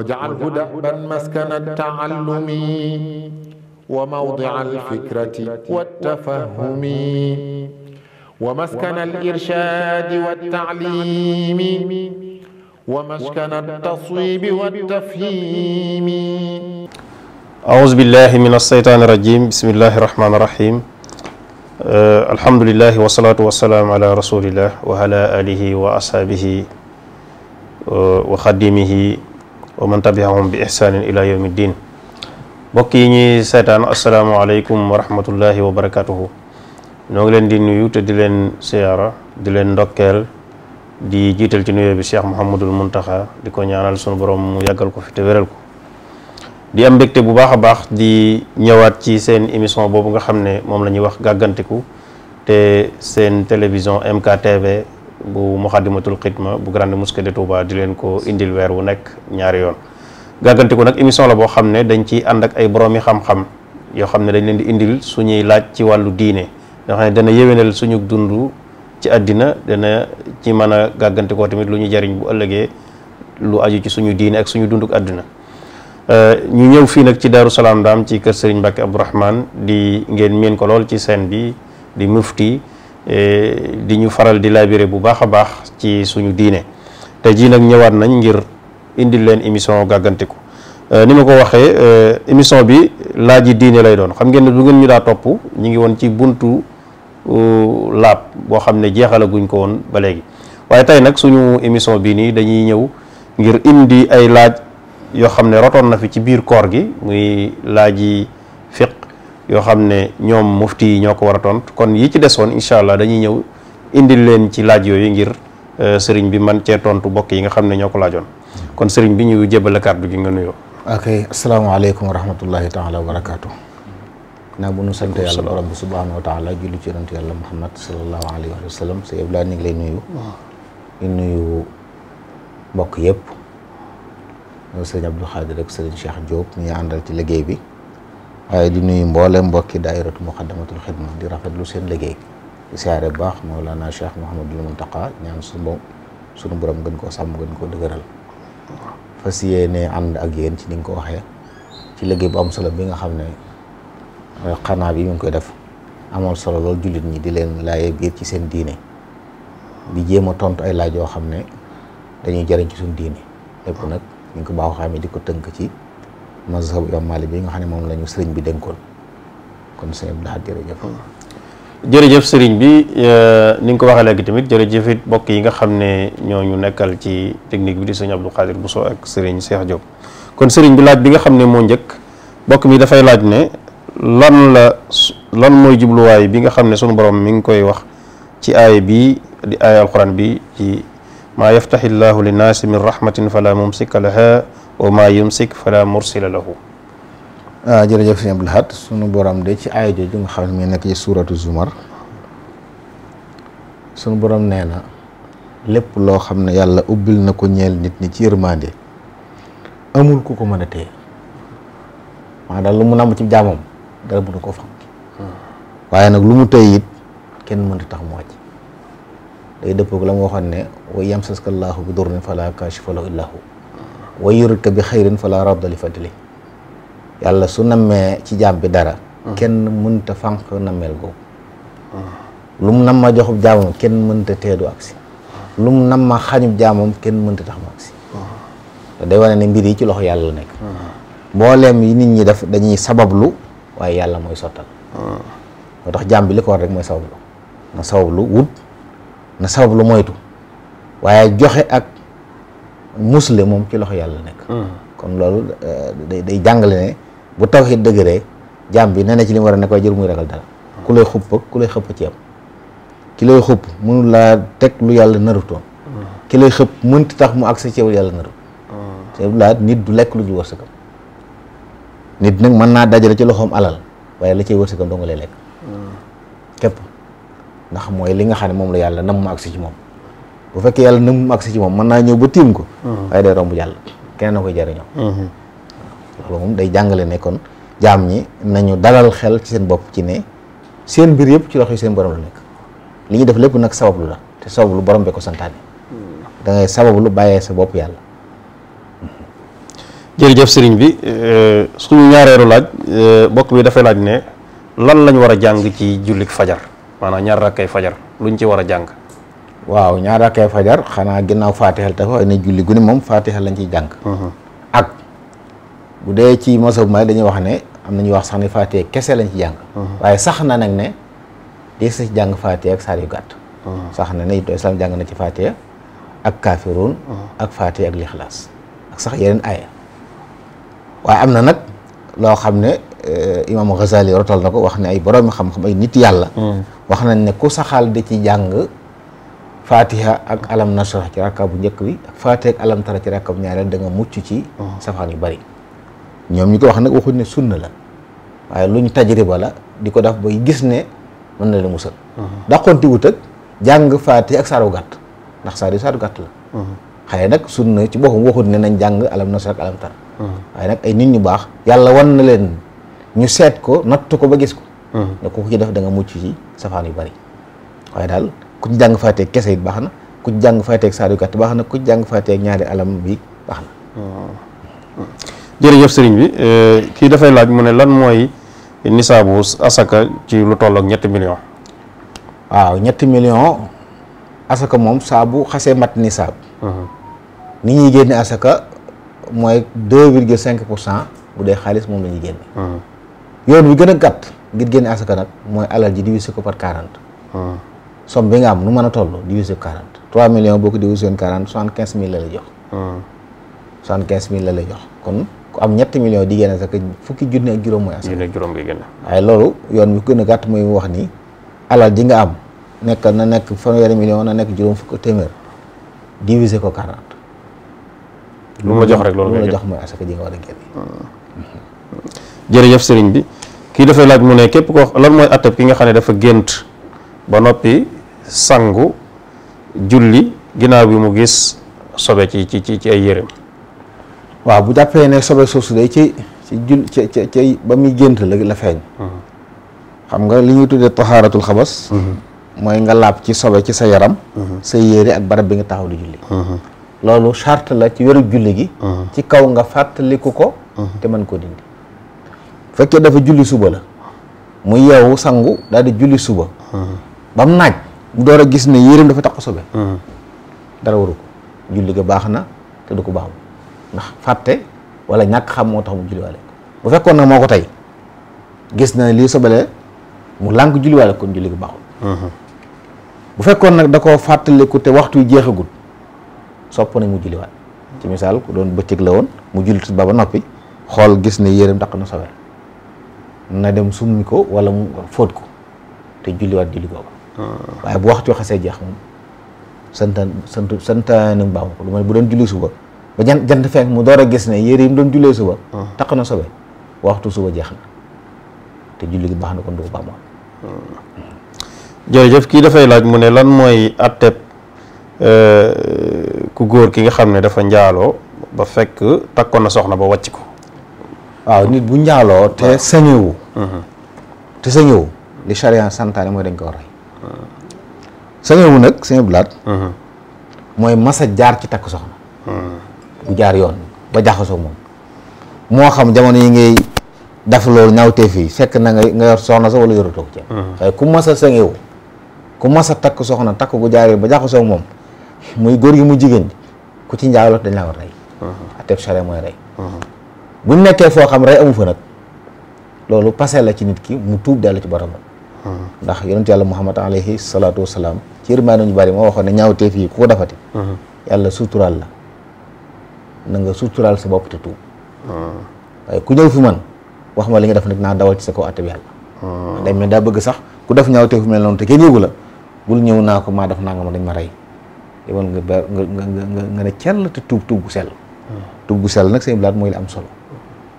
واجعله دأبا مسكن التعلم وموضع الفكرة والتفهم ومسكن الإرشاد والتعليم ومسكن التصويب والتفهيم أعوذ بالله من الشيطان الرجيم بسم الله الرحمن الرحيم الحمد لله والصلاة والسلام على رسول الله وعلى آله وأصحابه وخدمه wa man tabiahum bi ihsaanin ila yawmi ddin mbokk yi ñuy seetaan asalaamaaleykum wa rahmatullahi wa barakatuhu ñoo ngi leen di nuyu te di leen siyaara di leen ndokkeel di jiital ci nuyoo bi Cheikh Mouhamadul Muntaxa di ko ñaanal suñu boroom mu yàggal ko fi te wéral ko di am mbégte bu baax a baax di ñëwaat ci seen émission boobu nga xam ne moom la ñuy wax gàggantiku te seen télévision MKTV bu Muxaddamatul Xidma bu Grande Mosquée de Touba di leen ko indil weer wu nekk ñaari yoon gàggante ko nag émission la boo xam ne dañ ciy ànd ak ay boroomi xam-xam yoo xam ne dañ leen di indil suñuy laaj ci wàllu diine yoo xam ne dana yéwénal suñu dund ci àddina dana ci mën a gàggantikoo tamit lu ñu jariñ bu ëllëgee lu aju ci suñu diine ak suñu dunduk àddina euh, ñu ñëw fii nag ci Daaru Salaam ndaam ci kër Serigne Mbacke Abdourahmane di ngeen miin ko lool ci seen bi di mufti Eh, di ñu faral di labiré bu baax a baax ci suñu diine te ji nag ñëwaat nañ ngir indil leen émission gàggantiku eh, ni ma ko waxee eh, émission bi laaj yi diine lay doon xam ngeen ne du ngeen ñu daa topp ñu ngi woon ci buntu laab boo xam ne jeexalaguñ ko woon ba léegi waaye tey nag suñu émission bii nii dañuy ñëw ngir indi ay laaj yoo xam ne rotoon na fi ci biir koor gi muy laaj yi yoo xam ne ñoom mufti yi ñoo ko war a tontu kon yi ci desoon incha allah dañuy ñëw indil leen ci laaj yooyu ngir euh, sëriñ bi man cee tontu bokk yi nga xam ne ñoo ko laajoon kon sëriñ bi ñu jébale kàddu gi nga nuyoo. ok asalaamaaleykum wa rahmatullahi taala wa barakaatu. naa bu nu sant yàlla borom bi subhaanahu wa taala julli ci yonent yàlla muhammad sallallahu alayhi wa sallam sa yëpp laa ñu ngi lay nuyu. mbokk yëpp. sëriñ Abdou Khadir ak sëriñ Cheikh Diop ñu àndal ci liggéey bi. waaye di nuyu mboolem mbokki daayiratu muqaddamatul xidma di rafetlu seen liggéey di siyaare bu baax Mawlana Cheikh Mouhamadul Muntaqa ñaan suñu suñu borom gën koo sàmm gën koo dëgëral fas yéene ànd ak yéen ci ni nga ko waxee ci liggéey bu am solo bi nga xam ne euh, xanaa bi mu ngi koy def amoon solo lool jullit ñi di leen laajee biir ci seen diine di jéem a tontu ay laaj yoo xam ne dañuy jëriñ ci suñu diine lépp nag ñu ngi ko baaxoo xamee di ko tënk ci. mazhabu imam Malik bi nga xam ne moom la ñu sëriñ bi dénkoon kon sëriñ bi jërëjëf. sëriñ bi euh, ni nga ko waxee léegi tamit jërëjëf it mbokk yi nga xam ne ñoo ñu nekkal ci technique bi di sëriñ Abdou bu Bousso ak sëriñ Cheikh Diop. kon sëriñ bi laaj bi nga xam ne moo njëkk mbokk mi dafay laaj ne lan la lan mooy jubluwaay bi nga xam ne sunu borom mi ngi koy wax ci aaya bi di aaya alquran bi ci maa yaftaxi llaahu linnaasi min rahmatin fala mumsika laha wa maa yumsik fala mursila lahu ah jërëjëf sëñ Abdul Ahad sunu borom de ci aaya jooju nga xam ne mi nekk ci suuratu Zumar sunu borom nee na lépp loo xam ne yàlla ubbil na ko ñeel nit ñi ci yërmande amul ku ko mën a téye maanaam daal lu mu nàmb ci jaamam dara mënu ko fam waaye nag lu mu téye it kenn mënta tax mu wàcc day dëppoo la mu waxoon ne wa yamsaskallaahu bi durrin falaa kaashifa lahu illaa huwa wa yurta bi xayrin fala radda li fadli yàlla su nammee ci jaam bi dara kenn mënta fànq nammeel googu lu mu nam ma joxub jaamam kenn mënta teedu agsi lu mu nam ma xañub jaamom kenn mënta tax mu agsi day wane ne mbir yi ci loxo yàlla la nekk mbooleem yi nit ñi def dañuy sabablu waaye yàlla mooy sottal moo tax jaam bi li ko war rek mooy sabablu na sabablu wut na sabablu moytu waaye joxe ak musle moom ci loxo yàlla nekk hmm. kon loolu euh, day day jàngale ne bu tawhid dëgëree jàmm bi ne na ci li mu war a nekk waaye jëru muy ragal dara hmm. ku lay xupp ku lay xëpp ci am ki lay xupp mënul teg lu yàlla narutoon hmm. ki lay xëpp mënti tax mu accès ci yàlla naru te laa nit du lekk lu dul wërsëgam nit nag mën naa dajale ci loxoom alal waaye la cay wërsëgam doo nga lay lekk képp ndax mooy li nga xam ne moom la yàlla nam mu agsi ci moom bu fekkee yàlla nangu mu agsi ci moom mën naa ñëw ba tiim ko hmm. waaye day romb jàll keneen na koy jariñoo hmm. loolu moom day jàngale nekkoon jaam ñi nañu dalal xel ci seen bopp ci ne seen mbir yëpp ci loxo yi seen borom la nekk li ñuy def lépp nag sabablu la te lu borom bee ko santaane hmm. da ngay lu bàyyee sa bopp yàlla jërëjëf sëriñ bi euh, suñu ñaareelu laaj euh, bokk bi dafay laaj ne lan lañ war a jàng ci jullik fajar maanaam ñaar ay fajar lu ñu ci war a jàng waaw ñaar rakkay fajar xanaa ginnaaw faatixal tafi waaye ne julli gu ni moom lañ ciy jàng mhm. ak ci masab may dañuy wax ne am na ñuy wax sax ni faatixe kese lañ ci jàng mhm. waaye sax na nag ne des na ci jàng faatixe ak saar yu gàtt mhm. sax na ne doo islam jàng na ci faatixe ak kaafiruun ak faatixe ak lixlaas ak sax yeneen aaya waaye am na nag loo xam ne eh, imaam Ghazali rotal na ko wax ne ay boroomi xam-xam ay nit yàlla wax nañ ne ku saxal di ci jàng fatiha ak alam nasrah ci rakka bu njëkk bi ak fatiha ak alam tara ci rakka bu ñaareel da mucc ci oh. safaan yu bari ñoom ñu ko wax nag waxuñ ne sunna la waaye lu luñ tajriba la di ko def ba gis ne mën na leen musal uh-huh. daqonti wut jàng fatiha ak saaru ndax saar yu la uh-huh. xaye nag sunna ci boppam waxut ne nañ jàng alam nasrah ak alam tara uh-huh. waaye nag ay nit ñu baax yàlla wan na leen ñu seet ko natt ko ba gis ko ne ko ci def da nga mucc ci yu bari waaye ku ci jàng faatee kese it baax na ku ci jàng faatee baax na ku jàng faatee ñaari alam bi baax na. Hmm. jërëjëf sëriñ bi euh, kii dafay laaj mu ne lan mooy nisaabu asaka ci lu toll ak ñetti million waaw ñetti million asaka moom saa xasee mat nisaab. Hmm. ni ñuy génne asaka mooy deux virgule cinq pour cent bu dee xaalis moom la ñuy génne. Hmm. yoon bi gën a gàtt ngir génne asaka nag mooy alal ji divisé ko par quarante. somme bi nga am nu mën a toll divisé ko 40 3 millions boo ko divisé woon 40 75 mille la lay jox. 75 hmm. mille la lay jox kon ku am ñetti millions di génne sax fukki junne ak juróom mooy. as junne ak yoon bi gën a gàtt wax ni alal ji nga am nekk na nekk fanweeri million na nekk juróom fukk téeméer divisé ko 40. lu ma jox rek loolu jox mooy asaka ji nga war a génne. Hmm. jërëjëf sëriñ bi kii dafay laaj mu ne képp ko lan mooy atteb ki nga xam ne dafa gént ba noppi. sangu julli ginnaaw bi mu gis sobe ci ci ci ay yéreem waaw bu jàppee ne sobe soosu day ci ci ci ba muy gént la la feeñ mhm. xam nga li ñuy tuddee taxaaratul xabas mhm. mooy nga laab ci sobe ci sa yaram mhm. sa yére ak barab bi nga taxaw di julli loolu charte la ci wérub julli gi ci kaw nga fàttaliku ko te mën koo dindi fekkee dafa julli suba la mu yeewu sangu daal di julli suba bam naaj door a gis ne yéreem dafa taq sobe hmm. dara waru julli ga baax na te du ko baaxul ndax fàtte wala ñàkk xam moo tax mu julliwaale ko bu fekkoon nag moo ko tey gis na lii sobelee mu lànk julliwaale kon julli ga baaxul hmm. bu fekkoon nag da koo fàttaliku te waxtu yu jeexagul sopp nañ mu julliwaat ci misaal ku doon bëccëg la woon mu julli tisbaar ba noppi xool gis ne yéreem taq na sobe na dem summi ko wala mu fóot ko te julliwaat julli googu waaye bu waxtu xasee jeex moom santaan sant santaane baaxu ko lu bu doon julli suba ba jant jant fenk mu door a gis ne yére yi mu doon jullee suba ah. taq na sobe waxtu suba jeex na te julli baax na ko baamoon ah. jërëjëf kii dafay laaj mu ne lan mooy atteb euh, ku góor ki nga xam ne dafa njaaloo ba fekk takkoon na soxna ba wàcc ko waaw nit bu njaaloo te ah. sañewu mhm. te sañewu li charia santaane mooy dañ ko rey sañowu nag sëñ Blaat uh-huh. mooy masa jaar ci takk soxna bu uh-huh. jaar yoon ba jaxasoo moom moo xam jamono yi ngay daf loolu ñaawtee fii fekk na nga nga yor soxna sa wala yoratoo ko ci uh-huh. waaye ku masa sañowu ku masa takk soxna takk gu jaar yoon ba soow moom muy góor gi mu jigéen ku ci njaaloo dañ la war rey ateb sare mooy rey bu nekkee foo xam rey amu fa nag loolu passé la ci nit ki mu tuub dellu ci boromam ndax yonent yàlla muhammad alayhi salaatu wasalaam ci yërmaande ñu bari moo waxoon ne ñaawteef yi ku ko defati yàlla suturaal la na nga suturaal sa bopp te tuub waaye ku ñëw fi man wax ma li nga def nag naa dawal ci sa kaw àtte bi day mel daa bëgg sax ku def ñaawteef mel noonu te kenn la bul ñëw naa ko maa def naa nga ma dañ ma rey nga ba nga nga nga ne cell te tuub tuub gu sell tuub gu sell nag sa blaat mooy li am solo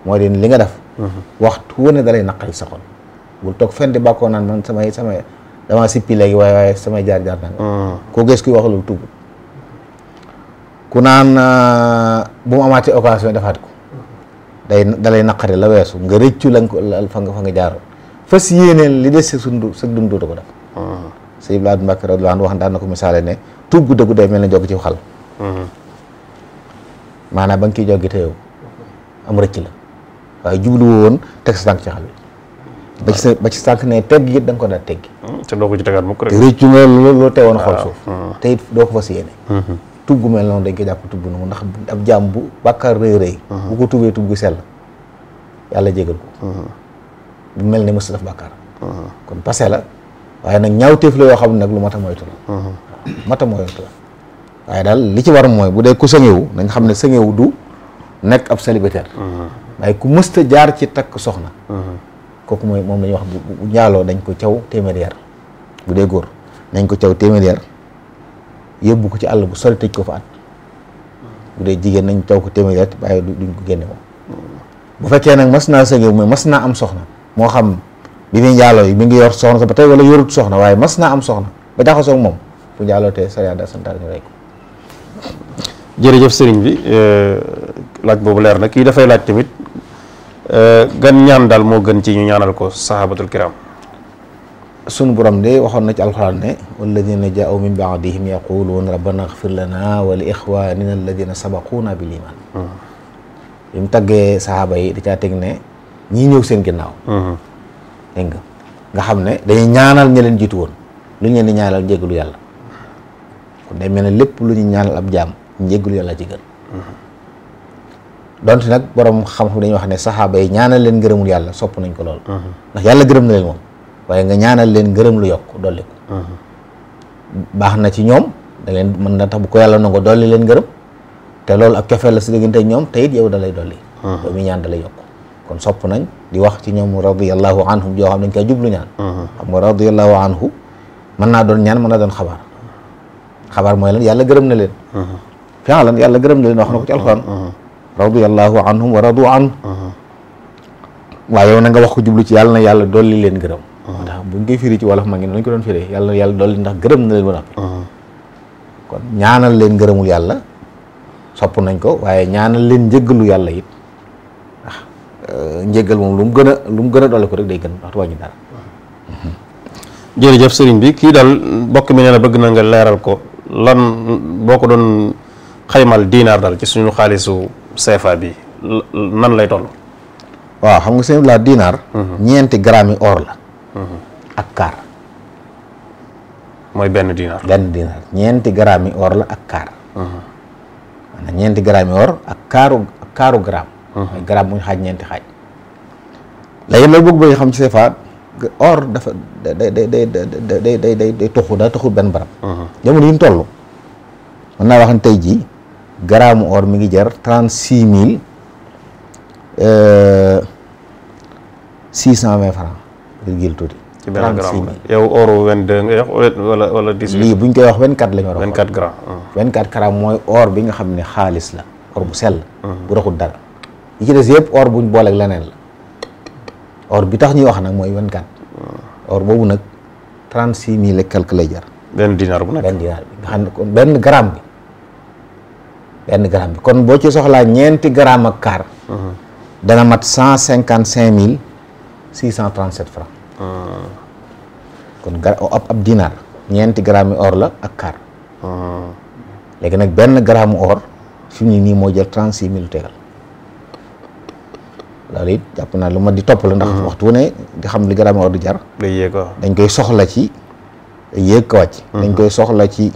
mooy leen li nga def waxtu wane dalay naqari sa xol bul toog fenn di bàkkoo naan man samay samay damaa sippi léegi waaye waaye samay jaar jaar naan hmm. koo gis kuy wax loolu tuub ku naan ah, bu mu amaatee occasion defaat ko day dalay naqari la weesu nga rëccu la nga fa nga fa nga jaaroon fas yéeneen li des sa sunu sa dund dootu ko def hmm. sëñ Ibn Abdou Mbacke wax daan na ko misaale ne tuub gu dëggu day mel ne jog ci xal hmm. ba nga ciy joggi te yow am rëcc waaye jublu woon teg sa tànk ci xal ba ci sa na ci sànq ne tegg da nga ko daan teggi hmm, te doo ko ci tegaat mukk rek réccu nga loo teewoon xol ah. suuf hmm. te it doo ko fas yéene hmm. tugg mel ab jaam bu bàkkaar rëy rëy bu ko tubee yàlla jégal ko mel ne mësu def bàkkaar kon passé la waaye nag ñaawteef la yoo xam ne nag lu mat a moytu la waaye daal li ci war mooy bu dee ku sëŋewu nañ xam ne sëŋewu du nekk ab célibataire waaye ku mësta jaar ci takk soxna kooku mooy moom lañuy wax bu njaaloo dañ ko caw téeméeri yar bu dee góor nañ ko caw téeméeri yar yóbbu ko ci àll bu sori tëj ko fa at bu dee jigéen nañ caw ko téeméeri yar waaye duñ ko génne bu fekkee nag mas naa sëgee mooy mas naa am soxna moo xam bi muy njaaloo yi mi ngi yor soxna sa ba tey wala yorut soxna waaye mas naa am soxna ba jaxasoo moom bu njaaloo te sariya da santaane ñu rey ko jërëjëf sëriñ bi eh, laaj boobu leer na kii dafay laaj Euh, gën ñaan daal moo gën ci ñu ñaanal ko sahabatul kiram sunu borom de waxoon na ci alxuraan ne walladina jaau min baadihim yaquluun rabbana xfir lana wa li ixwanina alladina sabaquuna bil mm-hmm. bi mu taggee sahaaba yi da caa teg ne ñii ñëw seen ginnaaw mm-hmm. nga nga xam ne dañuy ñaanal ña jiitu woon lu ñu leen di ñaanal njéggalu yàlla kon day mel ne lépp lu ñu ñaanal ab jaam njéggalu yàlla ci gën mm-hmm. donte nag borom xam-xam dañuy wax ne saxaaba yi ñaanal leen ngërëmul yàlla sopp nañ ko lool. ndax yàlla gërëm na leen waaye nga ñaanal leen ngërëm lu yokk dolli baax na ci ñoom da leen mën na tax ko yàlla nangoo dolli leen ngërëm te loolu ak cofeel la si diggante ñoom te it yow da lay dolli. Uh-huh. yow mi ñaan da lay yokk kon sopp nañ di wax ci ñoom radiyallahu anhum joo xam dañ koy jublu ñaan. Uh-huh. xam nga radiyallahu anhu mën naa doon ñaan mën naa doon xabaar xabaar mooy lan yàlla gërëm na leen. Uh-huh. fi'lan yàlla gërëm na leen wax na ko ci radiyallahu anhum wa radu an waaye yow na nga wax ko jublu ci yàlla na yàlla dolli leen gërëm ndax buñ ci wolof ma ngi ko doon firee yàlla yàlla dolli ndax gërëm na leen ba noppi kon ñaanal leen gërëmul yàlla sopp nañ ko waaye ñaanal leen njëggalu yàlla it ndax euh, njëggal moom lu mu gën a lu mu gën a dolli ko rek day gën wax wàññi dara jërëjëf sëriñ bi kii dal bokk mi nee na bëgg na nga leeral ko lan boo ko doon xaymal diinaar daal ci suñu xaalisu CFA bi nan lay toll. waaw xam nga seen la dinaar. Mhm. ñeenti grammes mhm. yi or la. ak kaar. mooy benn dinaar. benn dinaar ñeenti grammes yi or la ak kaar. maanaam ñeenti grammes or ak kaaru gramme. Mhm. gramme bu ñu xaaj ñeenti xaaj. léegi loolu bëgg bëgg xam ci or dafa day day day day day tuxu benn barab. jamono yi mu toll mën naa wax ne tey jii gramme or mi ngi jar trente six mille euh, six cent vingt franc virgule tuuti. ci benn gramme yow oru vingt deux nga wax wala wala dix huit lii bu ñu koy wax vingt quatre la ñu war a wax. vingt quatre ah. mooy or bi nga xam ne xaalis la or bu sell. Hmm. bu raxul dara yi ci des yëpp or leneen la or bi tax ñuy wax nag mooy vingt quatre. Hmm. or boobu nag trente six mille et quelque jar. benn dinar bu nekk benn dinar bi nga xam ne kon benn gramme bi. benn gramme bi kon boo ci soxlaa ñeenti gramme ak quart. Uh-huh. dana mat cent cinquante cinq mille six cent trente sept francs. Uh-huh. kon gra ab ab dinaar ñeenti gramme or la ak quart. Uh-huh. léegi nag benn gramme or fi mu nii moo jël trente six mille it jàpp naa lu ma di topp la waxtu ne di xam li gramme or di jar. day dañ koy soxla ci yéeg ko wàcc. dañ koy soxla ci.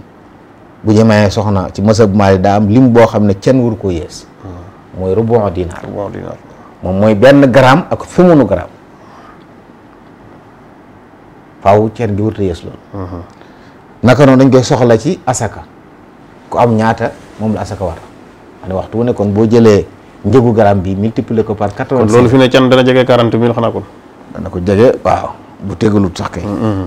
bu ñu mayee soxna ci masab Maalik daa am lim boo xam ne kenn waru ko yées hmm. mooy rubu dinaar moom mooy benn gramme ak fumunu gramme faaw ceen gi warut yees yées loolu hmm. naka noonu dañ koy soxla ci asaka ku am ñaata moom la asaka war ane waxtu wu ne kon boo jëlee njëgu gramme bi multiplier ko par quatre-vingt-cinq kon loolu fi ne cen dana jege quarante mille xanaa kon dana ko jege waaw bu tegalut sax kay hmm,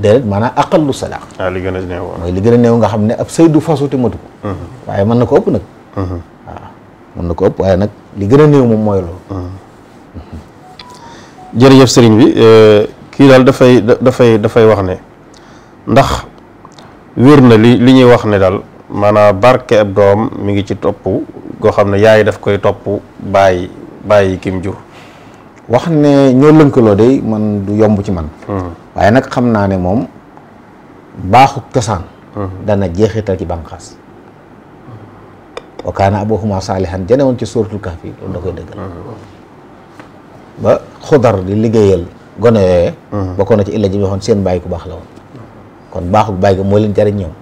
déedéet maanaam aqallu sadaq ah, li gën néew li gën a néew nga xam ne ab sëy du fasu te hmm. waaye mën na ko hmm. mën na ko waaye nag li gën a néew moom mooy loolu hmm. jërëjëf sëriñ bi euh, kii daal dafay dafay dafay wax ne ndax wér na li li ñuy wax ne daal maanaam barke ab doom mi ngi ci topp goo xam ne yaay daf koy topp bàyyi bàyyi kim jur wax ne ñoo lënkaloo day man du yomb ci man waaye nag xam naa ne moom baaxuk cosaan hmm. dana jeexital ci bànqaas wa kaana abuhuma saalihan jane woon ci suuratul kahfi loolu da koy dëggal hmm. ba xudar di liggéeyal gone yooyee hmm. bokkoon na ci illa ji mi seen bàyyi ku baax la woon kon baaxuk bàyyi ga moo leen jariñ ñoom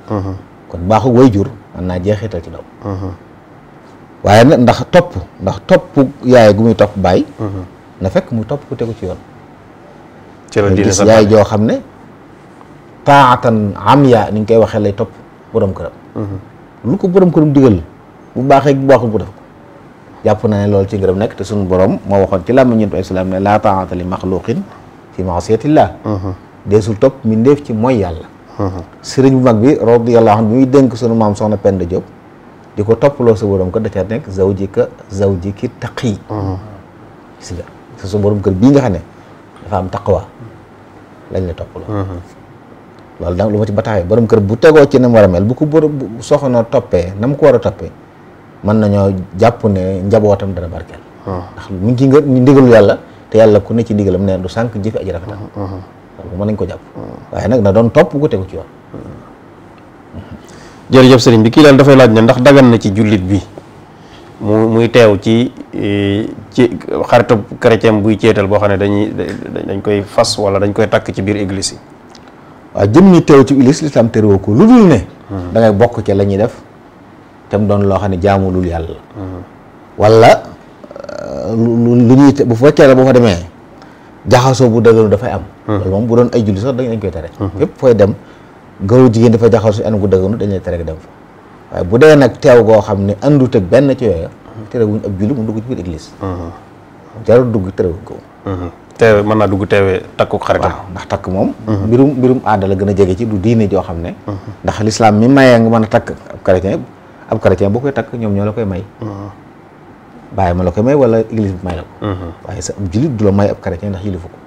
kon baaxuk wayjur mën naa jeexital ci doom waaye nag ndax topp ndax topp yaay gu muy topp bàyyi na fekk muy topp ku tegu ci yoon ci la diine sa yaay joo xam ne am amya ni ñu koy waxee lay topp borom këram. Mm-hmm. lu ko borom këram digal bu baaxee bu baaxul bu def ko jàpp naa ne loolu ci gërëm nekk te suñu borom moo waxoon ci làmmiñu Yonent bi islaam ne laa taa'ata li maxluqin fi ma'siyatillah mm-hmm. deesul topp mbindeef ci mooy yàlla mm-hmm. sëriñ bu mag bi radiyallahu anhu bi muy dénk sunu maam soxna Penda Diop di ko topp toppaloo sa borom kër da ca nekk zawjika zawjiki taqi gis nga sa borom kër bii nga xam ne dafa am taqwa lañ la topp loolu uh-huh. loolu da lu ma ci bataaxee borom kër bu tegoo ci na mu war a mel bu ko borom soxna toppee na mu ko war a toppee mën nañoo jàpp ne njabootam dana barkeel uh-huh. ndax ngi ci nga ndigalu yàlla te yàlla ku ne ci ndigalam ne du sànq jëfe aji rafetal uh-huh, nañ ko jàpp waaye nag na doon topp ko tegu ci yoon jërëjëf sëriñ bi kii daal dafay laaj ne ndax dagan na ci jullit bi mu muy teew ci e, ci xaritu chrétien buy céetal boo xam ne dañuy dañ koy fas wala dañ koy takk ci biir église yi waaw jëm ñi teew ci église lislaam terewoo ko lu dul ne hmm. da ngay bokk ca la ñuy def te mu doon loo xam ne jaamulul yàlla hmm. wala euh, lu ñuy bu fekkee la boo fa demee jaxasoo bu dëgëru dafay am hmm. loolu bu doon ay julli sax dañ koy tere yëpp fooy dem góor jigéen dafa jaxasoo anam gu dëgëru dañ lay tere dem fa waaye bu dee nag teew goo xam ne àndut ak benn ci yooya terewuñ ab julli mu dugg ci biir église uh-huh. jarul dugg terewuñ ko uh-huh. teewe mën naa dugg teewe takku xaritam ndax takk moom uh-huh. mbirum mbirum aada gën a jege ci du diine joo xam ne ndax lislaam mi mayee nga mën a takk ab chrétien ab chrétien boo koy takk ñoom ñoo la koy may bàyyi ma la koy may wala église bi may la ko waaye sa ab jullit du la may ab chrétien ndax yilifu ko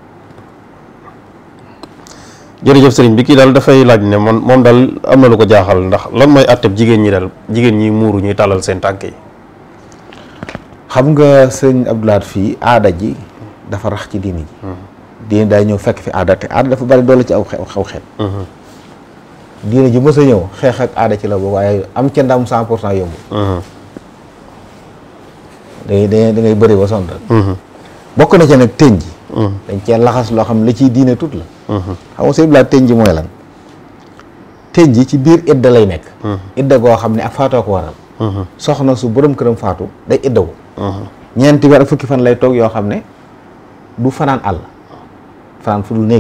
jërëjëf sëriñ bi kii daal dafay laaj ne man moom daal am na lu ko jaaxal ndax lan mooy àtteb jigéen ñi daal jigéen ñi muuru ñuy tàllal seen tànk yi xam nga sëriñ Abdoulaat fii aada ji dafa rax ci diini ji hmm. diine day ñëw fekk fi aada te aada dafa bari doole ci aw xew xeet hmm. diine ji mës ñëw xeex ak aada ci la boobu waaye am ca ndam cent pour cent yomb da da da ngay bëri ba sonn hmm. bokk na ca nag tëñ ji dañ cee laxas loo xam la ciy diine tut la xam nga sëñ bi laa tëñ ji mooy lan tëñ ji ci biir idda lay nekk idda goo xam ne ak faatoo ko waral soxna su borom këram faatu day iddawu ñeenti fukki fan lay toog yoo xam ne du fanaan àll fanaan fu dul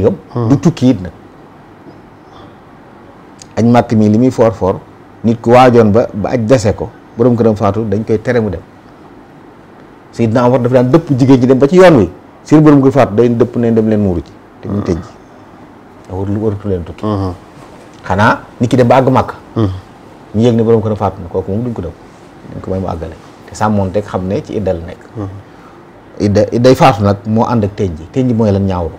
añ màtt mi li muy foor foor nit ku waajoon ba ba aj dese ko borom këram faatu dañ koy tere mu dem Seydina Omar dafa daan dëpp jigéen ji dem ba ci yoon wi seen borom koy faatu day dëpp ne dem leen muuru ci te mu hmm. tëj warul waratu leen tukki hmm. xanaa nit ki dem ba àgg màkk hmm. ñu yëg ne borom ko a faatu na kooku moom duñ ko def dañ mu àggale te sàmmoon teg xam ne ci iddal nekk idda idday faatu nag moo ànd ak tëj tëj mooy lan ñaawru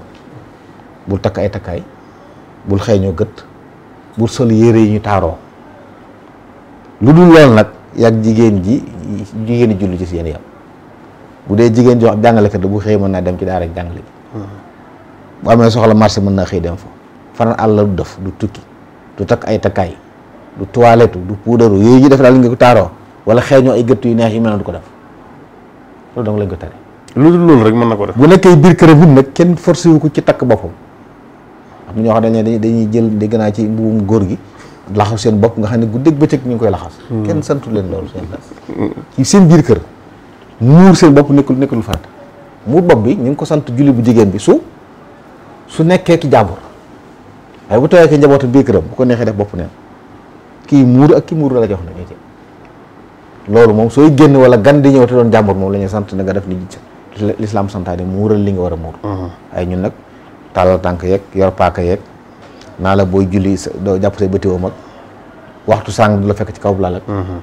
bul takk ay takkaay bul xeeñoo gët bul sol yére yi ñu taaroo lu dul lool nag yàgg jigéen ji jigéen julli ci seen yam bu dee jigéen joo xam jàngalekat bu xëy mën naa dem ci daara jàngale bu amee soxla marché mën naa xëy dem fa fanaan àll du def du tukki du takk ay takkaay du toilette du puudaru yooyu ñu def daal nga ko taaroo wala xeeñoo ay gëtt yu neex yi mel du ko def loolu dong lañ ko tere. lu dul loolu rek mën na ko def. bu nekkee biir këram bi nag kenn forcé wu ko ci takk boppam am ñoo xam ne dañuy dañuy jël dégg naa ci mbuum góor gi laxaw seen bopp nga xam ne guddeeg bëccëg ñu ngi koy laxas. Hmm. kenn santu leen loolu seen ci seen biir kër. muur seen bopp nekkul nekkul farata muur bopp bi ñu ngi ko sant julli bu jigéen bi su su nekkee ki jàmbur waaye bu tawee ki njabootu biir këram bu ko neexee def bopp neen kii muur ak ki muur la jox na ñuy loolu moom sooy génn wala gan di ñëw te doon jàmbur moom la ñuy sant na nga def li lislaam santaane muural li nga war a muur uh-huh. ay ñun nag tàllal tànk yeeg yor paaka yeeg naa la booy julli doo jàpp say bëti woom waxtu sàng du la fekk ci kaw bu laal ak uh-huh.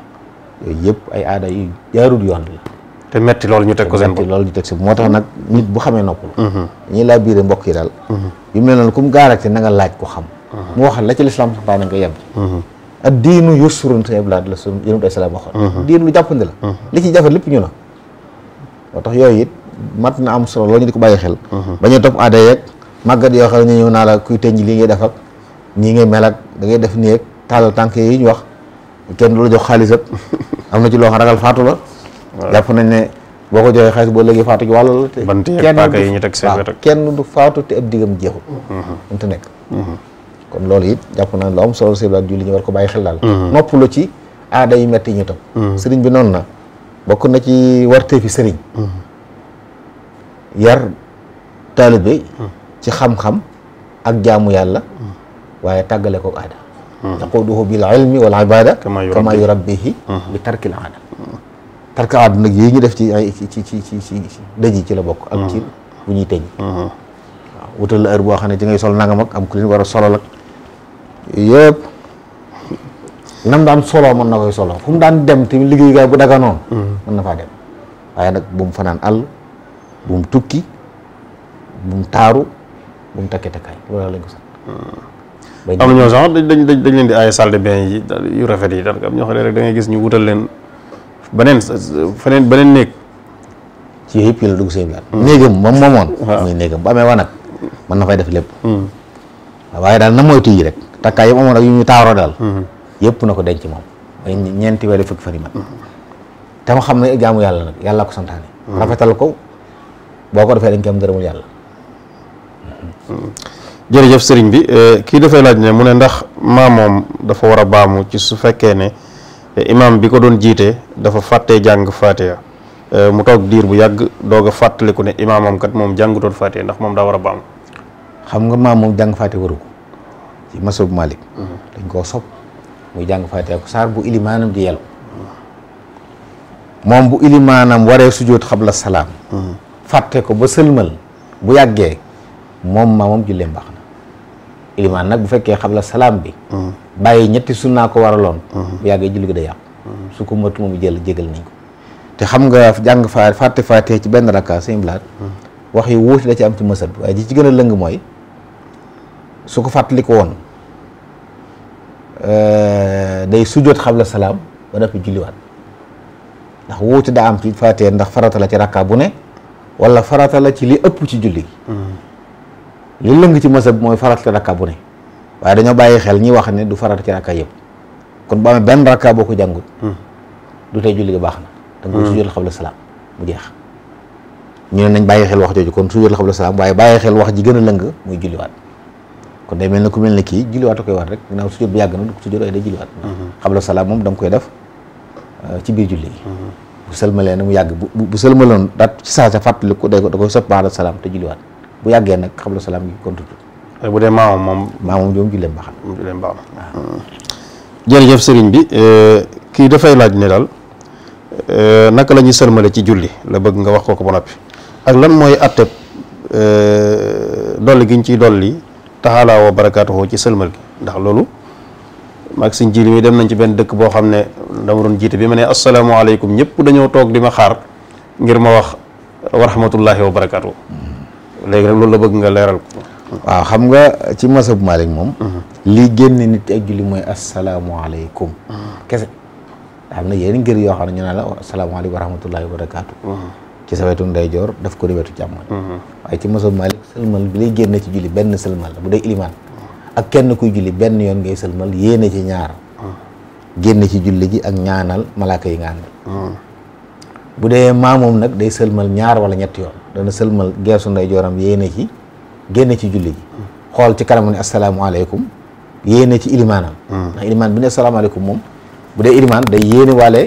yooyu yëpp ay aada yu jaarul yoon te metti loolu ñu teg ko seen loolu ñu teg si moo tax nag nit bu xamee noppul mhm. ñi laa biire mbokk yi daal mhm. yu mel noonu ku mu gaarate na nga laaj ko xam mhm. mu wax la ci lislaam santaane nga yem ak diinu yusrun sa yeblaat la su yénub salaam waxoon diin lu jàppandi la li ci jafe lépp ñu na moo tax yooyu it mat na am solo loolu ñu di ko bàyyi xel bañu topp aada yeeg màggat yoo xam ne ñëw naa la kuy tënj lii ngay def ak ñii ngay mel ak da ngay def néeg ak taalal tànk yi ñu wax kenn du la jox xaalis ak am na ci loo xam ragal faatu la jàpp nañ ne boo ko joxee xaalis boo léegi faatu ci wàllu la te kenn kenn du faatu te ab diggam jeexul mhm. mënta nekk mhm. kon loolu it jàpp naa lu am solo si biir julli ñu war ko bàyyi xel daal mhm. noppalu ci aada yi metti ñu tam sëriñ bi noon na bokk na ci warte fi sëriñ yar taalibe ci xam-xam ak jaamu yàlla waaye tàggale ko aada taquduhu bil ilmi wal ibada kama yurabbihi bi tarkil aada parce que yi ak ñu def ci ay ci ci ci ci ci dëj yi ci la bokk. am ci mm-hmm. bu ñuy tëj. Mm-hmm. waaw wutal la heure boo xam ne ci ngay sol nanga ak am ku leen war a solal ak yëpp nam daan soloo mën na koy solo fu mu daan dem tamit liggéeyukaay bu daganoon. Mm-hmm. mën na faa dem waaye nag bu mu fanaan àll bu mu tukki bu taaru bu mu takkee takkaay loolu lañ ko am ñoo sax dañ dañ leen di aaye salle de bain yi yu rafet yi daanaka ñoo xam gis ñu wutal leen. beneen feneen beneen néeg ci yooyu yëpp yi la dugg sëñ bi laat néegam moom moomoon muy néegam bu amee wanag mën na fay def lépp hmm. waaye daal na mooy yi rek takkaay yëpp amoon ak yu ñu taaroo daal hmm. yëpp na ko denc moom ay ñeenti weer hmm. te ma xam ne jaamu yàlla nag yàlla ko santaane ko boo ko defee dañ ko am bi eh, kii dafay laaj mu ne ndax maamoom dafa war a baamu ci su fekkee ne Eh, imaam bi ko doon jiitee dafa fàttee jàng fatiha eh, mu toog diir bu yàgg doog a fàttaliku ne imaamam kat moom jàngutoon fatiha ndax moom daa war a baam xam nga maam moom jàng fatiha waru ko mhm. koo sob muy jàng fatiha ko saar bu ilimaanam di yelu moom bu ilimaanam waree sujjóot xabla salaam mhm. fàtte ko ba sëlmal bu yàggee moom maamam jullee mbaax ilimaan nag bu fekkee xabla salaam bi bàyyi ñetti naa ko waraloon bu yàggee julli gi day yàqu su ko matu moom jël jégal nañ ko te xam nga jàng fa fàtte fàtte ci benn rakka sëñ blaat wax yi wuute da ci am ci mësat waaye ji ci gën a lëng mooy su ko fàttali woon euh, day sujjoot xabla salaam ba noppi julliwaat ndax wuute daa am ci fàtte ndax farata la ci rakka bu ne wala farata ci li ëpp ci julli li lëng ci masa bi mooy farat la rakka bu ne waaye dañoo bàyyi xel ñi wax ne du farat ci rakka yëpp kon bu amee benn rakka boo ko jàngul hmm. du tey julli ga baax na da nga koy hmm. sujjóotal xabla salaam mu jeex ñu ne nañ xel wax jooju kon sujjóotal xabla salaam waaye bàyyi xel wax ji gën a lëng muy julliwaat kon day mel ne ku mel ne kii julliwaat a koy waat rek ginnaaw sujjóot bu yàgg na du sujjóot day julliwaat xabla hmm. salaam moom da nga koy def euh, ci biir julli gi bu sëlmalee na mu yàgg bu bu sëlmaloon daat ci saa sa fàttali ko day da koy soppi baax salaam te julliwaat bu yàggee nag xabla salaam gi kontutu bu dee maamam moom maamam joom julleem baax na julleem baax na ah. sëriñ bi euh, kii dafay laaj ne daal euh, naka lañuy ñuy sëlmale ci julli la bëgg nga wax ko ko ba noppi ak lan mooy atteb euh, dolli gi ñu ciy dolli taxaalaa wa barakaatuhu ci sëlmal gi ndax loolu maag sëñ jili mi dem nañ ci benn dëkk boo xam ne dama doon jiite bi ma ne asalaamaaleykum ñëpp dañoo toog di ma xaar ngir ma wax wa rahmatullahi wa barakaatuhu mm. léegi rek loolu la bëgg nga leeral ko. waaw xam nga ci bu Malik moom. Mhm. lii génne nit ak julli mooy asalaamualeykum. Mhm. kese xam na yeneen ngir yoo xam ne ñu naan la asalaamualeykum wa rahmatullahi wa barakaatu. Mhm. ci sa wetu ndeyjoor daf ko di wetu càmmoñ. waaye ci masab Malik sëlmal bi lay génne ci julli benn sëlmal bu dee ilimaan. ak kenn kuy julli benn yoon ngay sëlmal yéene ci ñaar. génne ci julli ji ak ñaanal malaaka yi nga àndal. bu dee maamoom nag day sëlmal ñaar wala ñetti yoon. dana sëlmal geesu nday jooram yéene ci génne ci julli ji xool ci kanamu ne asalaamaaleykum yéene ci ilimaanam hmm. ndax ilimaan bi ne asalaamaaleykum moom bu dee ilimaan day yéene waale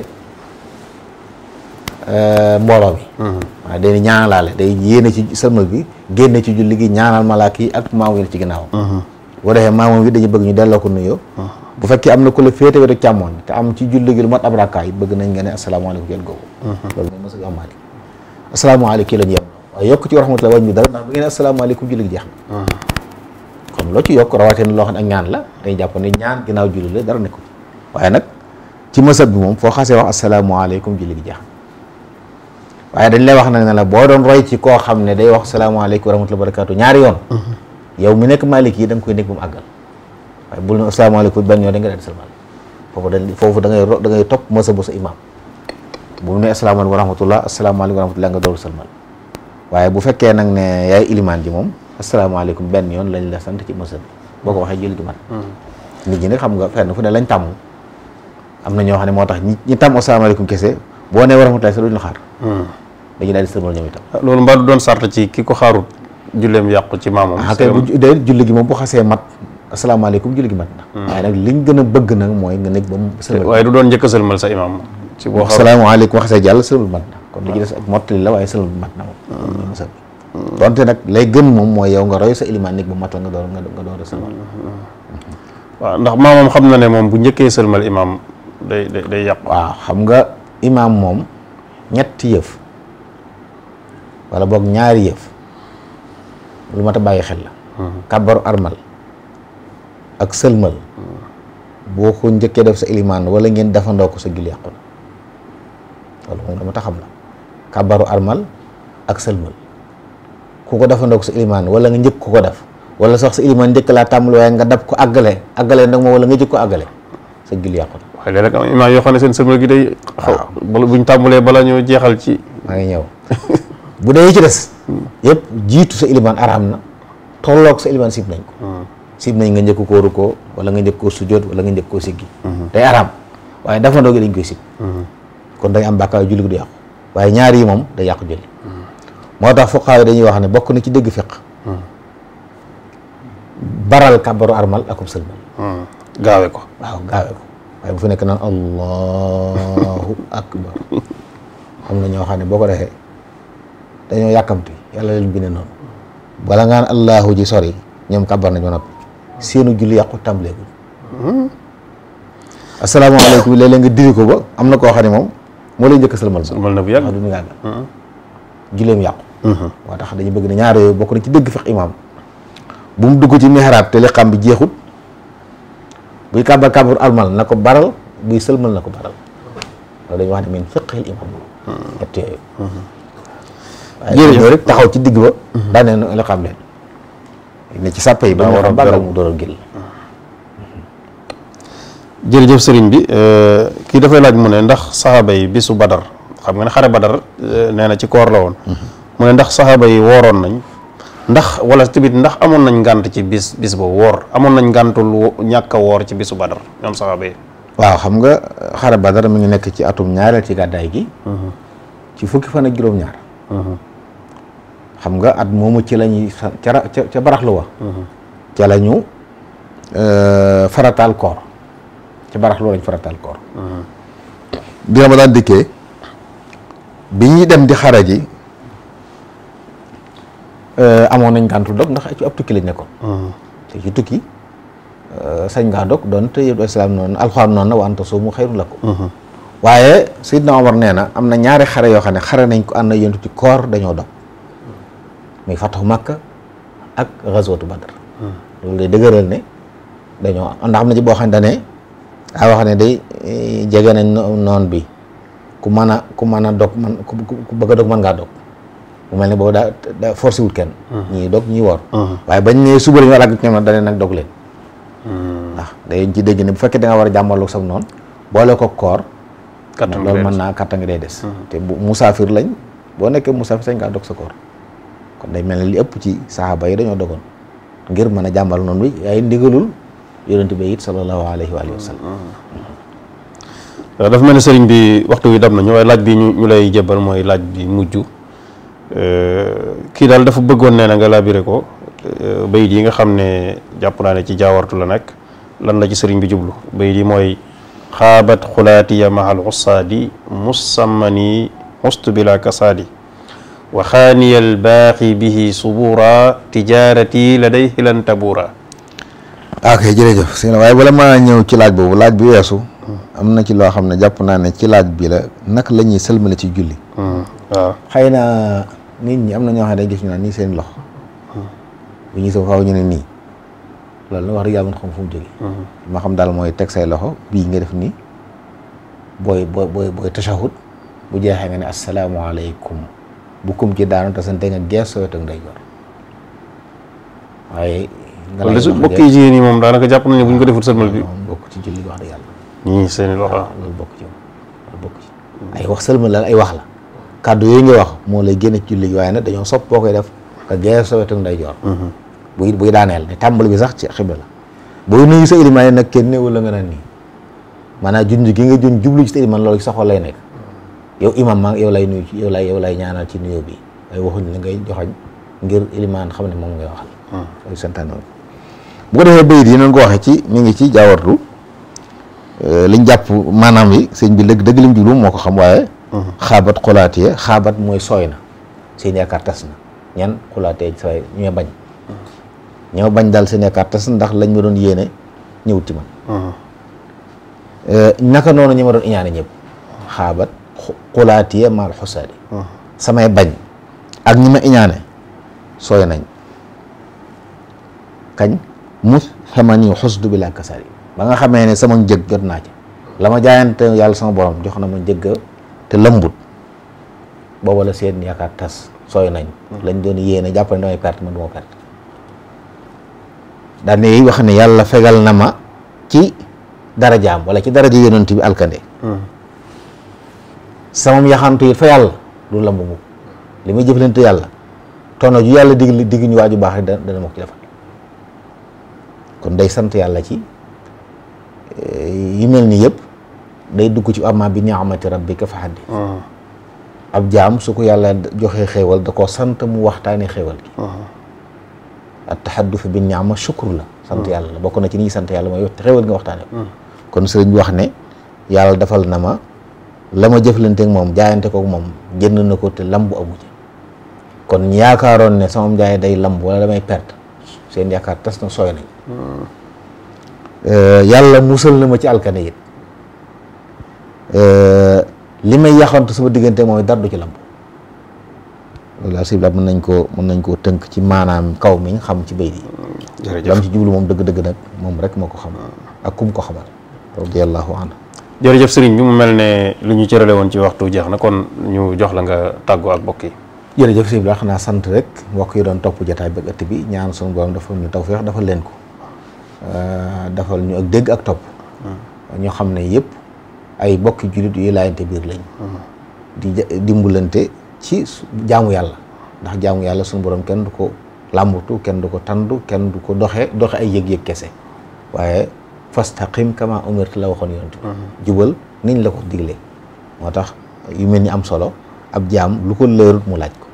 euh, mbooloo bi hmm. waaw day ñaanalaale day yéene ci sëlmal bi génne ci julli gi ñaanal malaak yi ak maam yi ci ginnaaw hmm. boo defee maamoom yi dañu bëgg ñu delloo ko nuyoo bu fekkee am na ku la féete wetu càmmoñ te am ci julli gi lu mat ab rakkaay bëgg nañ nga ne asalaamaaleykum la waaye yokk ci warahmatullah wàññi dara ndax bu ngeen asalaamaaleykum julli jeex na ah. loo ci yokk rawatina loo xam ne ak ñaan la dañuy jàpp ne ñaan ginaaw julli la dara nekkul waaye nag ci masab bi moom foo xasee wax asalaamaaleykum julli jeex na waaye dañ lay wax na ne la boo doon roy ci koo xam ne day wax salaamaaleykum warahmatullah barakaatu ñaari yoon mm-hmm. yow mu nekk malik yi da koy nekk ba mu àggal waaye da nga daal di salmal foofu dañ foofu da ngay da ngay topp masabu sa imam bu mu ne asalaamaaleykum wa rahmatullah asalaamaaleykum wa rahmatullah nga waaye bu fekkee nag ne yaay ilimaan ji moom asalaamaaleykum benn yoon lañu la sant ci mosal boo ko waxee jël gi mat hmm. nit ñi nag xam nga fenn fu ne lañ tàmm am na ñoo xam ne moo tax ñi tàmm asalaamaaleykum kese boo nee war a sax xaar hmm. dañu daal di sëlmal ñoom ah, loolu mbaa doon sart ci ki ko xaarut julleem yàqu ci maamam ah, kay julli gi moom bu xasee mat asalaamaaleykum julli gi mat na hmm. waaye nag liñ gën a bëgg nag mooy nga nekk ba mu sëlmal waaye du doon njëkk a sëlmal sa imaam ci boo xaarut asalaamaaleykum waxasee jàll sëlmal mat na kon li ci sa ak mottali la waaye sëlmal bi mat na moom ah. sël nag lay gën moom mooy yow nga roy sa ilimaan nit bu matal nga door nga door a sëlmal mm-hmm. waaw ndax maamam xam na ne moom bu njëkkee sëlmal imaam day day xam nga imaam moom ñetti yëf wala boog ñaari yëf lu mat a bàyyi xel la mm-hmm. kàbbaru armal ak sëlmal mm-hmm. boo ko njëkkee def sa ilimaan wala ngeen defandoo ko sa julli yàqu na loolu moom dama taxam la kàbbaru armal ak sëlmal ku ko defandoog sa ilimaan wala nga njëkk ku ko def wala sax sa ilimaan njëkk laa tàmbali waaye nga dab ko àggale àggale nag moom wala nga njëkk ko àggale sa gil yàqu ne seen sëlmal gi day xaw bala buñ bala ñoo jeexal ci maa ngi ñëw bu dee ci des hmm. yëpp jiitu sa ilimaan araam na tolloog sa ilimaan sib nañ ko hmm. sib nañ nga njëkk koo ko wala nga njëkk koo sujjoot wala nga njëkk koo siggi hmm. day araam waaye dafandoog yi dañ koy sib kon dañ am bàkkaar julli ko du yàqu waaye ñaari yi moom da yàqu julli moo tax fuqaa yi dañuy wax ne bokk na ci dëgg fiq baral kàbbaru armal akub sëlmal gaawe ko waaw gaawe ko waaye bu fi nekk naan allahu akbar xam na ñoo xam ne boo ko defee dañoo yàkkamti yàlla leen bindee noonu bala ngaan allahu ji sori ñoom kàbbar nañu nag seenu julli yàqu tàmbaleegul hmm. asalaamaaleykum léeg-léeg nga diri ko ba am na koo xam ne moom moo lay njëkk a sëlmal sëlmal na bu yàgg du yàgg julleem yàqu uh-huh. moo tax dañu bëgg ne ñaar bokk na ci dëgg fiq imaam bu mu dugg ci mihraab te liqaam bi jeexut buy kàbbar kàbbar almal na ko baral buy sëlmal na ko baral loolu dañuy wax ne min fiqhil imaam uh-huh. ñett yooyu uh-huh. jërëjëf rek taxaw ci digg ba daaneen liqaam leen ne ci sàppa yi ba waroon baral mu door a génn jërëjëf sëriñ bi euh, kii dafay laaj mu ne ndax saxaaba yi bisu badar xam nga ne xare badar euh, nee na ci koor la woon mhm. mu ne ndax saxaaba yi wooroon nañ ndax wala tamit ndax amoon nañ ngànt ci bis bis boobu woor amoon nañ ngàntul ñàkk woor ci bisu badar ñoom saxaaba yi waaw xam nga euh, xare badar mi ngi nekk ci atum ñaareel ci gàddaay gi mhm. ci fukki fan ak juróom-ñaar mhm. xam nga at moomu ci lañuy ca ca baraxlu wa ca la ñu farataal koor ci barax loolu lañ farataal koor. bi Ramadan dikkee bi ñuy dem di xara ji euh, amoon nañ gàntul dog ndax ci ab tukki lañ nekkoon. Uh-huh. te ci tukki euh, sañ ngaa dog doon te yëpp islam noonu alxuraan noonu na wa anta uh-huh. waaye Seydina Omar nee na am na ñaari xare yoo xam ne xare nañ ko ànd na yontu ci koor dañoo dog muy fatahu Makka ak ghazwatu Badr. Uh-huh. loolu day dëgëral ne dañoo ndax am na ci boo xam ne daa wax ne day eh, jege nañ noon bi ku mën a ku mën a dog man ku bëgg a dog mën ngaa dog mu mel ne boobu daa daa forcé wut kenn ah. ñii dog ñii woor ah. waaye bañ ne suba la ñu alak ñoom nag nag dog leen hmm. day ci dégg ne bu fekkee da war a jàmmaloo sam noonu boole ko koor loolu mën naa kattan ngi day des hmm. te bu musaafir lañ boo nekkee musaafir sañ ngaa dog sa koor kon day mel ne li ëpp ci saaba yi dañoo dogoon ngir mën a jàmbal noon bi waaye ndigalul yonent bi it sallallahu dafa mel ne sëriñ bi waxtu wi dam nañu waaye laaj bi ñu lay jébal mooy laaj bi mujj euh, kii daal dafa bëggoon nee na nga laa labiré ko euh, bayit yi nga xam ne jàpp naa ne ci jaawartu la nag lan la ci sëriñ bi jublu bayit yi mooy xaabat xulaatiya mahal xussaadi musammani xustu bila kasaadi wa xaaniya bihi subura tijaarati ladayhi lan tabura Ah, ok jërëjëf si waaye bala maa ñëw ci laaj boobu laaj bi weesu am na ci loo xam ne jàpp naa ne ci laaj bi la naka la ñuy sëlmale ci julli hmm, waaw xëy na nit ñi am na ñoo xam day gis ñu naan nii seen loxo hmm. bu ñuy sëf faaw ñu ne nii loolu nag wax dëgg yàlla mën hmm. ma xam daal mooy teg say loxo bii nga def nii booy booy booy booy bu jeexee nga ne asalaamaaleykum bu kum ci daanu te sante nga gees soo tëg nday jor waaye nga lay yi moom daanaka jàpp nañu bu ko deful sëlmal bi. bokk ci julli wax dëgg yàlla. loolu bokk ci ay wax sëlmal la ay wax la kàddu yooyu nga wax moo lay génne ci waaye nag dañoo sopp boo koy def nga geer sa wetu nday joor. Mm-hmm. buy buy daaneel ne tàmbali bi sax ci xibla la. booy nuyu sa ilimaan yi nag kenn newul la nga naan nii maanaam junj gi nga junj jublu ci sa ilimaan loolu ci sa xol lay nekk yow imam maa yow lay nuyu yow lay yow lay ñaanal ci nuyoo bi ay waxuñ li ngay joxañ ngir ilimaan xam ne moom ngay waxal. loolu mm. santaane bu ko defee bayit yi noonu ko waxee ci mu ngi ci jaawartu euh, liñ jàpp maanaam yi sëñ bi dëgg dëgg lim jublu moo ko xam waaye mhm. xaabat xulaatee xaabat mooy sooy na seen yaakaar tas na ñan xulaatee sooy mhm. ñoo bañ bañ daal seen yaakaar tas na ndax lañ ma doon yéene ñëw ci mhm. euh, naka noonu ñu ma doon iñaane ñëpp xaabat xulaatee maal xusaadi samay bañ ak ñi ma iñaane sooy nañ kañ mus xemani xusdu bi la kasari ba nga xamee ne sama njëg jot naa ci la ma jaayante yàlla sama borom jox na ma njëgga te lëmbut booba la seen yaakaar tas sooy nañ lañ doon yéene jàpp ne damay perte man du ma perte daanay wax ne yàlla fegal na ma ci dara jaam wala ci daraja yonent bi alkande hmm. samam yaxantu it fa yàlla du lamb mukk li muy jëflante yàlla ton ju yàlla dig digg ñu waaju baax dana ma ko ci defal kon day sant yàlla ci eh, yi mel ni yëpp day dugg ci amma bi ni'mati rabbika fa haddith ah. ab jaam su ko yàlla joxee xéewal da koo sant mu waxtaane xéewal gi ah. at taxadduf bi ni'ma shukr la sant ah. yàlla la bokk na ci ni ñuy sant yàlla mooy xéewal nga waxtaane ko kon sëriñ wax ne yàlla defal na ma la ma jëflante moom jaayante kook moom jënd na ko te lambu amu ci kon yaakaaroon ne sama njaay day lamb wala damay perte seen yaakaar tas na Euh, yàlla musal na ma ci alkane it euh, li may yaxantu sama diggante mooy dara ci lamp loolu daal sibla mën nañ koo mën nañ koo tënk ci maanaam kaw mi xam ci béy yi lam ci jublu moom dëgg-dëgg nag moom rek moo ko xam ah. ak kum ko xamal radiallahu anhu jërëjëf sëriñ bi mu mel ne li ñu cërale woon ci waxtu jeex na kon ñu jox la nga tàggu ak bokk yi jërëjëf sibla xanaa sant rek mbokk yi doon topp jotaay bëgg ëtt bi ñaan sunu borom dafa ñu tawfeex dafa leen ko Euh, dafal ñu ak dégg ak topp hmm. ñu xam ne yëpp ay bokki jullit yu laayante biir lañ hmm. di dimbalante ci jaamu yàlla ndax jaamu yàlla suñu borom kenn du ko làmbatu kenn du ko tandu kenn du ko doxe doxe ay yëg-yëg kese waaye fastaqim kama umirtu la waxoon yonent hmm. jubal niñ la ko digle moo tax yu mel ni am solo ab jaam lu ko leerut mu laaj ko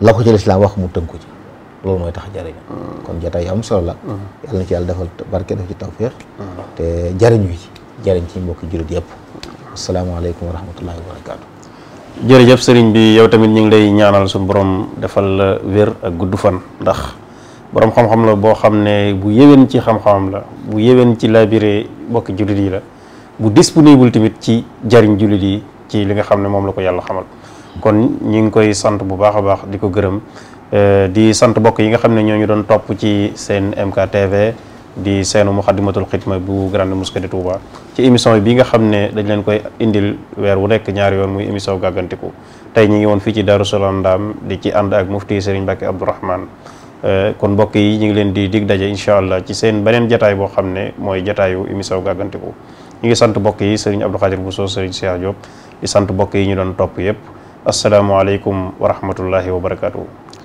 la ko ci lislaam wax mu tënku ci loolu mooy tax jariñu kon jotaay yu am solo la yàlla na ci yàlla defal barke def ci tawféex te jariñu ci jariñ ci mbokki jullit yëpp asalaamaaleykum wa rahmatullahi wa barakaatu jërëjëf sëriñ bi yow tamit ñu ngi lay ñaanal suñu borom defal wér ak gudd fan ndax borom xam-xam la boo xam ne bu yéwén ci xam-xamam la bu yéwén ci labiré mbokki jullit yi la bu disponible tamit ci jariñ jullit yi ci li nga xam ne moom la ko yàlla xamal kon ñu ngi koy sant bu baax a baax di ko gërëm Euh, di sant bokk yi nga xam ne ñoo ñu doon topp ci seen MKTV di seenu Muxaddamatul Xidma bu Grande Mosquée de Touba ci émission bi nga xam ne dañ leen koy indil weer wu nekk ñaari yoon muy émission gàggantiku tey ñi ngi woon fii ci Darou Salaam Ndaam di ci ànd ak mufti Serigne Mbacke Abdourahmane euh, kon mbokk yi ñu ngi leen di digg daje incha allah ci seen beneen jataay boo xam ne mooy jataayu émission gàggantiku ñu ngi sant mbokk yi Serigne Abdou Khadir Bousso Serigne Cheikh Diop di sant mbokk yi ñu doon topp yëpp asalaamaaleykum wa rahmatullahi wa barakatuh